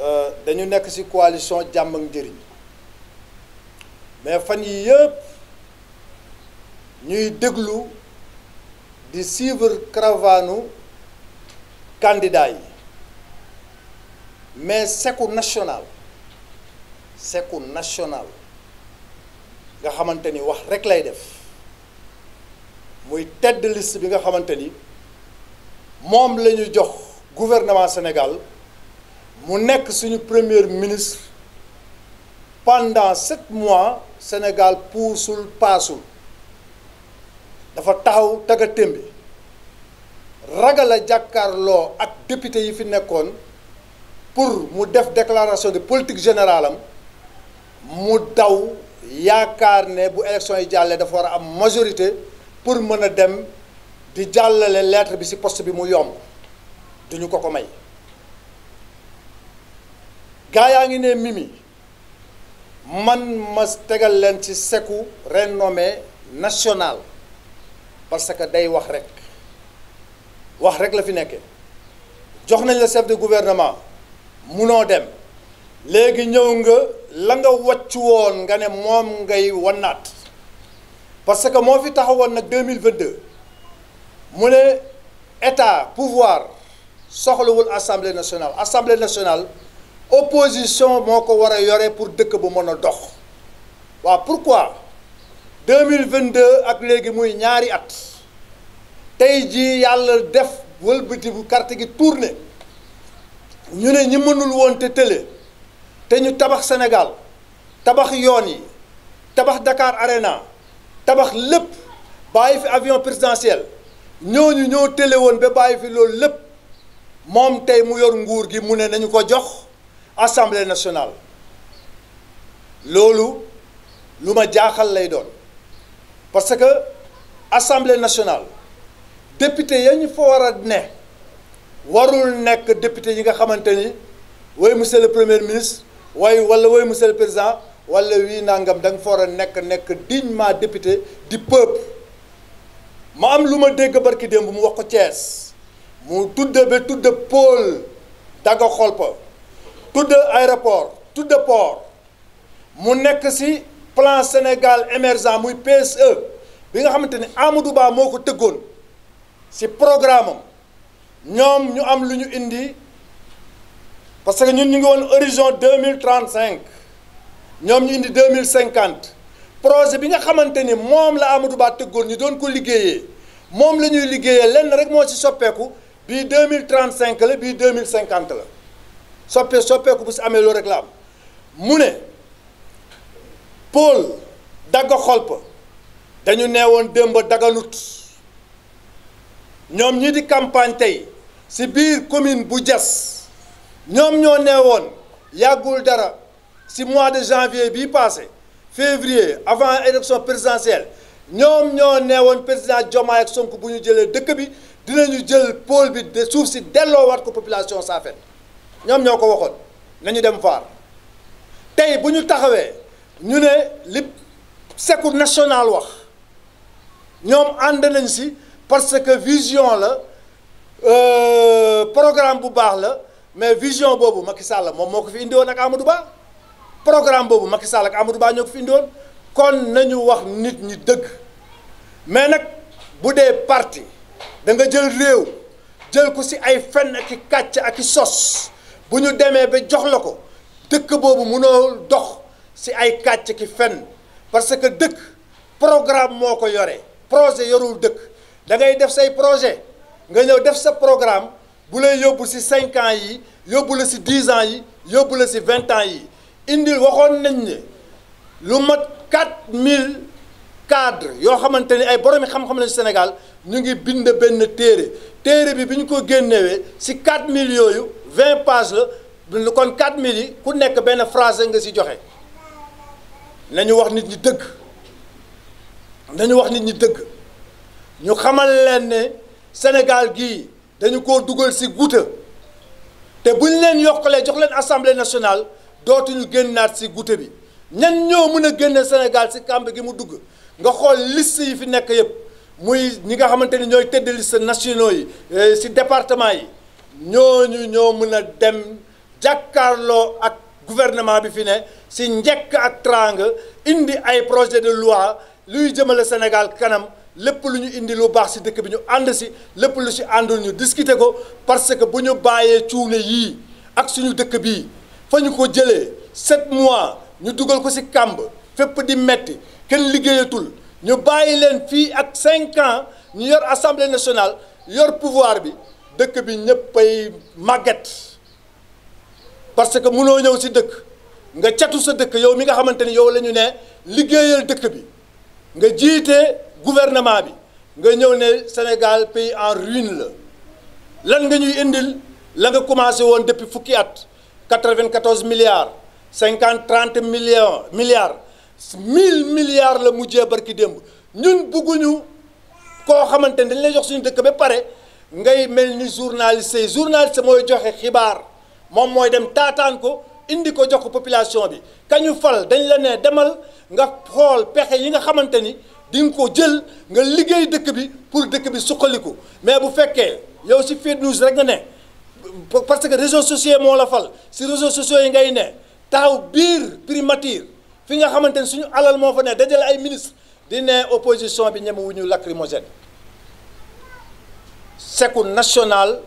Euh, dañu nek ci coalition jam ak njëriñ mais fan yi yeb ñuy deglu di suivre caravane candidat yi mais seku national seku national nga xamanteni wax rek lay def muy tedd liste bi nga xamanteni mom lañu jox gouvernement Sénégal mu nekk suñu premier ministre pendant sept mois Sénégal puusul paasul dafa taxaw taga témbi ragala a jàkkaarloo ak député yi fi nekkoon pour mu def déclaration de politique générale am mu daw yaakaar ne bu élection yi jàllee dafa war a am majorité pour mën a dem di jàllale lettre bi ci poste bi mu yomb duñu ko may gaa yaa ngi ne Mimi man ma tegal leen ci seku renommée national parce que day wax rek wax rek la fi nekkee jox nañ la chef de gouvernement munoo dem léegi ñëw nga la nga wàcc woon nga ne moom ngay wannaat parce que moo fi taxawoon nag 2022 mu ne état pouvoir soxlawul assemblée nationale assemblée nationale opposition moko wara yoré pour deuk bu mën dox wa pourquoi 2022 ak légui muy ñaari at tey jii yàlla def wëlbati bu carte gi tourner ñu ñi mënul won te télé. Té ñu tabax Sénégal tabax yoon yi tabax Dakar Arena tabax lip, bàyyi fi avion présidentiel ñooñu ñoo télé won ba bàyyi fi lool lepp mom tay mu yor nguur gi mu ne nañu ko jox assemblée nationale lolu luma jaaxal lay doon parce que assemblée nationale député ya fo wara war ne warul nek député yi nga xamanteni way monsieur le premier ministre way wala way monsieur le président wala wi nangam dang fo wara nek nek dignement député du peuple ma am luma ma dégg barki dem mu wax ko Thiès mu tudde be tudde Paul daga xol aéroports, aéroport de port mu nekk le plan Sénégal émergent muy PSE bi nga xamante Amadou Ba programme ñoom ñu am lu indi parce que ñun ñu ngi 2035. horizon sommes nous indi 2050. projet bi nga xamante ni la Amadou Ba tëggoon ñu doon ko rek ci soppe soppeeku bu si amee rek la am mu ne pôle dagga xolpa dañu neewoon demba daganut ñom ñi di campagne tay ci biir commune bu jass ñom ñoo neewoon yagul dara si mois de janvier bi passé février avant élection présidentielle ñom ñoo neewoon président Diomaye ak sonku bu ñu jëlé dëkk bi dinañu jël pôle bi de suuf si wat ko population Safène nous ñoko ko nañu dem faar tay buñu taxawé ñu ne sommes national wax ñom Nous nañ ci parce que vision la euh, programme bu baax la mais vision bobu Macky Sall fi Amadou Ba programme bobu Macky ak Amadou Ba fi kon nañu wax nit ñi mais nak bu dé parti da nga jël réew jël ko ci ay fenn ak katch ak bu ñu demee ba jox la ko dëkk boobu mënoo dox si ay kàcc ki fenn parce que dëkk programme moo ko yore projet yorul dëkk da ngay def say projet nga ñëw def sa programme bu lay yóbbu si cinq ans yi yóbbu la si dix ans yi yóbbu la si vingt ans yi indi waxoon nañ ne lu mat quatre mille cadres yoo xamante ni ay boromi xam-xam lañu Sénégal ñu ngi bind benn téere téere bi bi ñu ko génnewee si quatre mille yooyu 20 pages le kon 4 mille nous ku nekk une phrase nga si joxe Nous wax nit ñi dëgg Nous wax nit ñi dëgg ñu xamal Sénégal nous dañu fait si nous avons buñ Et yokkalee jox leen assemblée nationale Nous Nous si goute bi ñan Nous mën Sénégal Nous avons gi mu nga liste yi fi Nous muy ñi nga Nous liste nationaux yi si eh, département ñoo ñu ñoo mën a dem jàkkaarloo ak gouvernement bi fi ne si njekk ak trang indi ay projet de loi luy jëmale Sénégal kanam lépp lu ñu indi lu baax si dëkk bi ñu ànd si lépp lu si àndul ñu discuter ko parce que bu ñu bàyyee cuune yii ak suñu dëkk bi fa ñu ko jëlee sept mois ñu dugal ko si kàmb fépp di metti kenn liggéeyatul ñu bàyyi leen fii ak cinq ans ñu yor assemblée nationale yor pouvoir bi dëkk bi ñëppay màgget parce que munoo ñëw si dëkk nga catu sa dëkk yow mi nga xamante ni yow lañu ne liggéeyal dëkk bi nga jiite gouvernement bi nga ñëw ne Sénégal pays en ruine la lan nga ñuy indil la nga commencé woon depuis fukki at 94 milliards 50 30 millions milliards 1000 milliards la mujjee barki démb ñun bëgguñu koo xamante ni dañ lay jox suñu dëkk ba pare. ngay melni journaliste journaliste mooy joxe xibar mom moy dem taataan ko indi ko jox population bi kañu fal dañ la né demal nga xol pexe yi nga xamanteni ding ko jël nga liggéey dëkk bi pour dëkk bi suqaliku mais bu fekke yow ci fake news rek nga né parce que réseaux sociaux mo la fal ci réseaux sociaux yi ngay né taw bir primature fi nga xamanteni suñu alal mo fa né dajale ay ministre di né opposition bi ñemewuñu lacrymogène seku national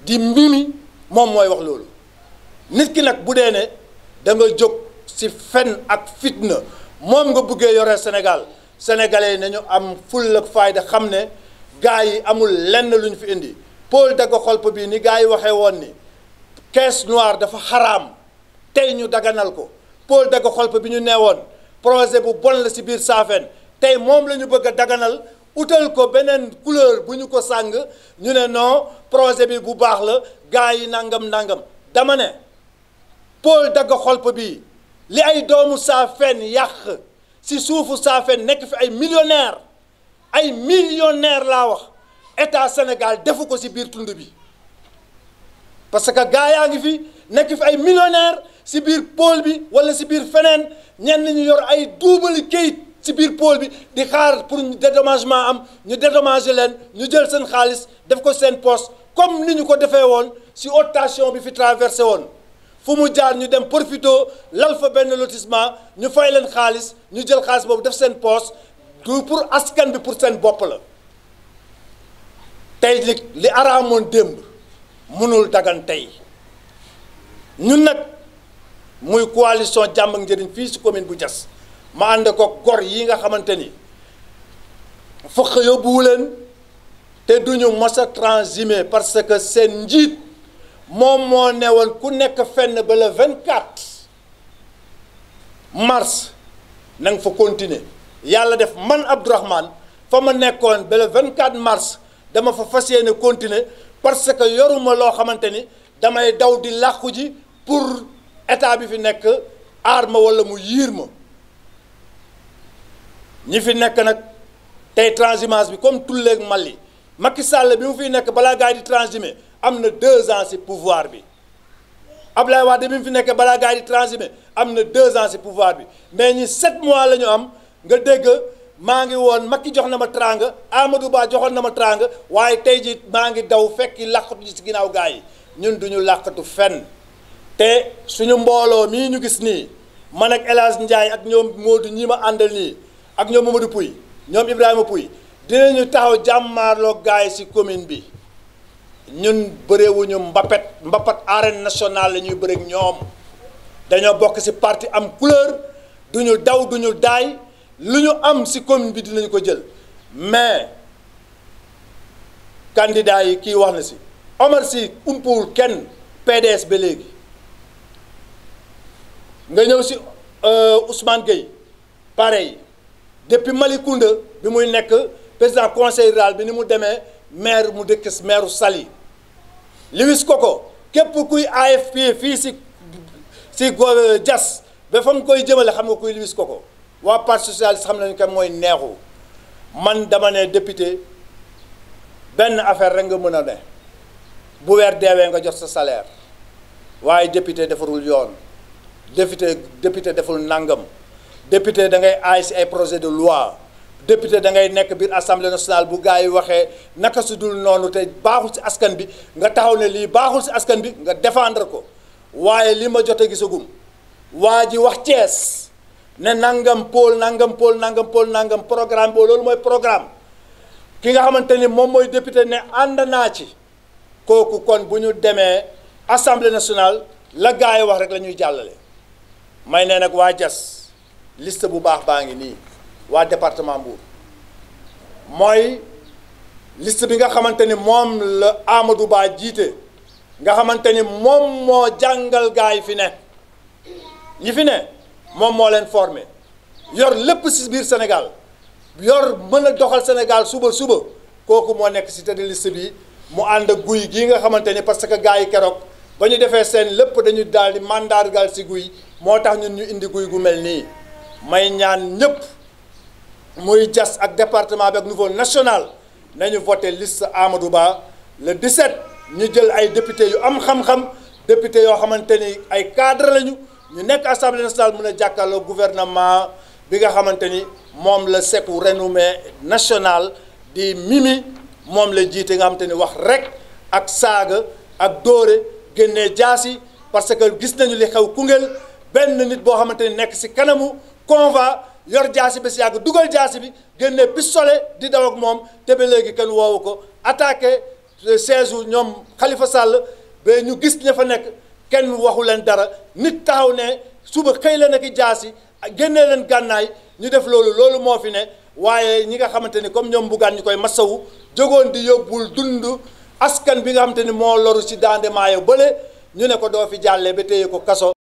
di Mimi moom mooy wax loolu nit ki nag bu dee ne da jóg ci fen ak fitna moom nga bëggee yore Sénégal sénégalais yi nañu am full ak fayda xam ne gars yi amul lenn lu ñu fi indi Paul Daga-Xolpa bii ni gars yi waxee woon ni caisse noir dafa xaraam tey ñu daganal ko Paul Daga-Xolpa bi ñu neewoon projet bu bon la ci biir Saafeen tey moom la ñu bëgg a daganal utal ko benen couleur buñu ko sang ñu né non projet bi bu la yi nangam nangam dama Paul pôle dagg xolp bi li ay doomu Safen si sa Safen nek fi ay millionnaire ay millionnaire la wax état Sénégal defu ko si biir bi parce que gaay yaa fi fi ay millionnaire si biir pôle bi wala si biir fenen ñen ñu yor ay double ci le pôle bi pour dédommagement am ñu dédommager leen ñu jël def ko poste comme nous ko nous si haute bi fi traversé woon fu mu jaar ñu dem profito l'alpha ben lotissement ñu fay ñu jël bobu def sen poste pour askan bi pour sen Nous la tey li li araamoon ñun coalition ak commune ma ànd ko kor yi nga xamante ni fëq yóbbuwu leen te duñu mos a transhumé parce que seen njiit moom moo ne ku nekk fenn ba vingt 24 mars na fa continuer yàlla def man Abdourahmane fa ma nekkoon ba le 24 mars dama fa fas yéene continuer parce que yoruma loo xamante ni damay daw di làqu ji pour état bi fi nekk aar ma walla mu yiir ma ñi fi nekk nag tey transhumance bi comme tulleeg Mali Macky Sall bi mu fi nekk balaa gars di transhumer am na deux ans ci pouvoir bi Ablaye Wade bi mu fi nekk balaa gars di transhumer am na deux ans ci pouvoir bi mais ñi sept mois la ñu am nga dégg maa ngi woon Macky jox na ma tranga Amadou Ba joxoon na ma tranga waaye tey ji maa ngi daw fekki làqatu ci ginnaaw gars yi ñun duñu làqatu fenn te suñu mbooloo mii ñu gis nii man ak El Hadj Ndiaye ak ñoom Modou ñi ma àndal nii ak ñom Mamadou Pouy ñom Ibrahima Pouy dinañu taxaw jamar lo gaay ci commune bi ñun bëré bëreewuñu mbapet mbapat arène nationale lañuy bëré ak ñom dañoo bokk ci parti am couleur duñu daw duñu daay luñu am ci commune bi dinañ ko jël mais candidat yi ki wax na ci Omar Sy umpawul ken PDS ba léegi nga ñëw ci euh Ousmane Gueye pareil depuis Malicounda bi muy nek président conseil rural bi ni mu démé maire mu dëkk maire Sali Lewis Coco képp kuy AFP fi si ci jas euh, ba fam koy jëmale xam nga kuy Lewis Koko waa parti socialiste xam nañu que moy neexu man dama né député Ben affaire rek nga mëna a bu weer déwé nga jot sa salaire waaye député defarul yoon député député déful nangam. député dangay ngay aay si ay projet de loi député da ngay nekk biir assemblée nationale bu gars yi waxee naka su dul noonu te baaxul si askan bi nga taxaw ne lii baaxul si askan bi nga défendre ko waaye li ma jot a gisagum waa ji wax Cees ne nangam pôle nangam pôle nangam pôle nangam programme boobu loolu mooy programme ki nga xamante ni moom mooy député ne ànd naa ci kooku kon bu ñu demee assemblée nationale la gars yi wax rek la ñuy jàllale may ne nag waa jas liste bu baax baa ngi nii waa département Mbour mooy list bi nga xamante ni moom la Amadou baa jiite nga xamante ni moom moo jàngal gaa yi fi ne ñi fi ne moom moo leen formé yor lépp ci biir Sénégal yor mën a doxal Sénégal suba suba kooku moo nekk ci tëdd liste bi mu ànd ak guy gii nga xamante ni parce que gaa yi keroog ba ñu defee seen lépp dañu daal di mandargal ci guy moo tax ñun ñu indi guy gu mel nii. may ñaan ñëpp muy jas ak département bi ak niveau national nañu voté liste Amadou Ba le set ñu jël ay député yu am xam-xam député yoo xamante ni ay cadre lañu ñu nekk assemblée nationale mën a jàkkaarloo gouvernement bi nga xamante ni moom la seku renommé national di Mimi moom la jiite nga xamante ni wax rek ak saaga ak dóore génnee jaasi parce que gis nañu li xew Koungheul benn nit boo xamante ni nekk ci kanamu convoi yor jaasi ba si yàgg dugal jaasi bi génne pistolet di daw ak moom te ba léegi kenn woowu ko attaqué euh, siège u ñoom xalifa Sall ba ñu gis ña fa nekk kenn waxu leen dara nit taxaw ne suba xëy la nekk jaasi génnee leen gànnaay ñu def loolu loolu moo fi ne waaye ñi nga xamante ni comme ñoom buggaan ñu koy masawu jógoon di yóbbul dund askan bi nga xamante ni moo loru ci daande maayo bële ñu ne ko doo fi jàllee ba teye ko kaso